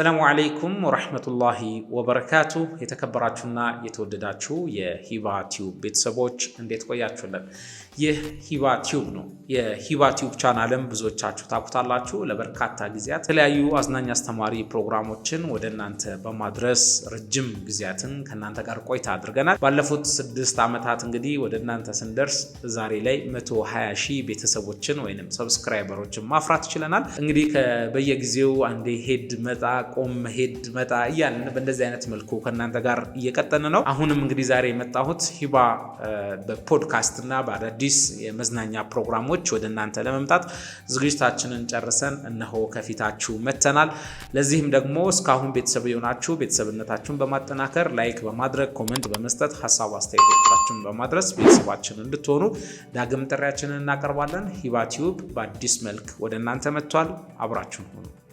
አሰላሙ ዓለይኩም ወረሕመቱላሂ ወበረካቱ። የተከበራችሁና የተወደዳችሁ የሂባ ቲዩብ ቤተሰቦች እንዴት ቆያችሁልን? ይህ ሂባ ቲዩብ ነው። የሂባ ቲዩብ ቻናልም ብዙዎቻችሁ ታውቁታላችሁ። ለበርካታ ጊዜያት የተለያዩ አዝናኝ አስተማሪ ፕሮግራሞችን ወደ እናንተ በማድረስ ረጅም ጊዜያትን ከእናንተ ጋር ቆይታ አድርገናል። ባለፉት ስድስት ዓመታት እንግዲህ ወደ እናንተ ስንደርስ ዛሬ ላይ 120 ሺህ ቤተሰቦችን ወይም ሰብስክራይበሮችን ማፍራት ችለናል። እንግዲህ በየጊዜው አንዴ ሄድ መጣ ቆም፣ መሄድ፣ መጣ እያልን በእንደዚህ አይነት መልኩ ከእናንተ ጋር እየቀጠን ነው። አሁንም እንግዲህ ዛሬ የመጣሁት ሂባ በፖድካስት እና በአዳዲስ የመዝናኛ ፕሮግራሞች ወደ እናንተ ለመምጣት ዝግጅታችንን ጨርሰን እነሆ ከፊታችሁ መተናል። ለዚህም ደግሞ እስካሁን ቤተሰብ የሆናችሁ ቤተሰብነታችሁን በማጠናከር ላይክ በማድረግ ኮመንት በመስጠት ሀሳብ አስተያየቶቻችሁን በማድረስ ቤተሰባችን እንድትሆኑ ዳግም ጥሪያችንን እናቀርባለን። ሂባ ቲዩብ በአዲስ መልክ ወደ እናንተ መጥቷል። አብራችሁን ሆኑ።